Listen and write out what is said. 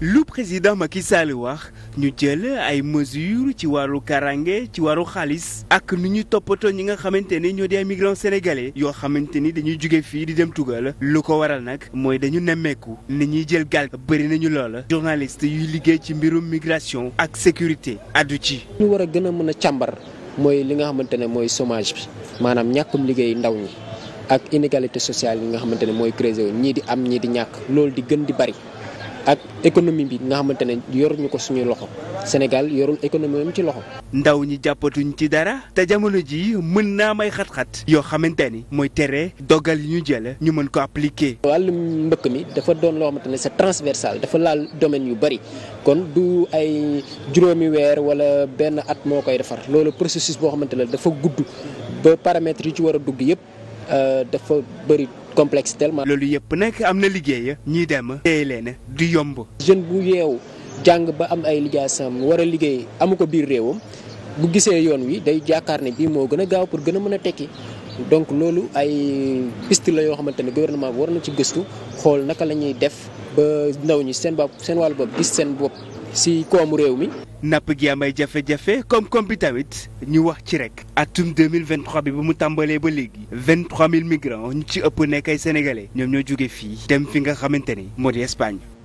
lu président ki saali wax ñu jël ay mesures ci wàllu karange ci wàllu xaalis ak nu ñuy toppatoo ñi nga xamante ni ñoo di ay migrants yoo xamante ni dañuy jóge fii di dem tugal lu ko waral nag mooy dañu nemmeeku ni ñuy jël gaal bëri nañu loola journaliste yuy liggéey ci mbirum migration ak sécurité addu ci. ñu war a gën a mën a càmbar mooy li nga xamante ne mooy somage bi maanaam ñàkkum liggéey ndaw ñi ak inégalité sociale yi nga xamante ne mooy créé ñii di am ñii di ñàkk loolu di gën di bari. ak économie bi nga xamante ne yoruñu ko suñuy loxo Sénégal yorul économie am ci loxo. ndaw ñi jàppatuñ ci dara te jamono jii mën naa may xat-xat yoo xamante ni mooy tere dogal yi ñu jël ñu mën ko appliquer. wàll mbëkk mi dafa doon loo xamante ne c'est transversal dafa laal domaine yu bari kon du ay juróomi weer wala benn at moo koy defar loolu processus boo xamante ne dafa gudd ba paramètres yu ci war a dugg yépp euh, dafa bari complexe tellement. loolu yëpp nag am na liggéey ñuy dem. téye leen du yomb. jeune bu yeewu jàng ba am ay lijaasam war a liggéey amu ko biir réewam bu gisee yoon wi day jaakaar ne bii moo gën a gaaw pour gën a mën a tekki. donc loolu ay piste la yoo xamante ne gouvernement bi war na ci gëstu xool naka la ñuy def ba ndaw ñi seen bopp seen wàllu bopp gis seen bopp. si koomu réew mi. napp gi amay jafe-jafe koom-koom bi tamit ñu wax ci rek atum 2023 bi ba mu tàmbalee ba léegi 23000 migrants ñu ci ëpp nekk ay sénégalais ñoom ñoo jóge fii dem fi nga xamante ni moo di Espagne.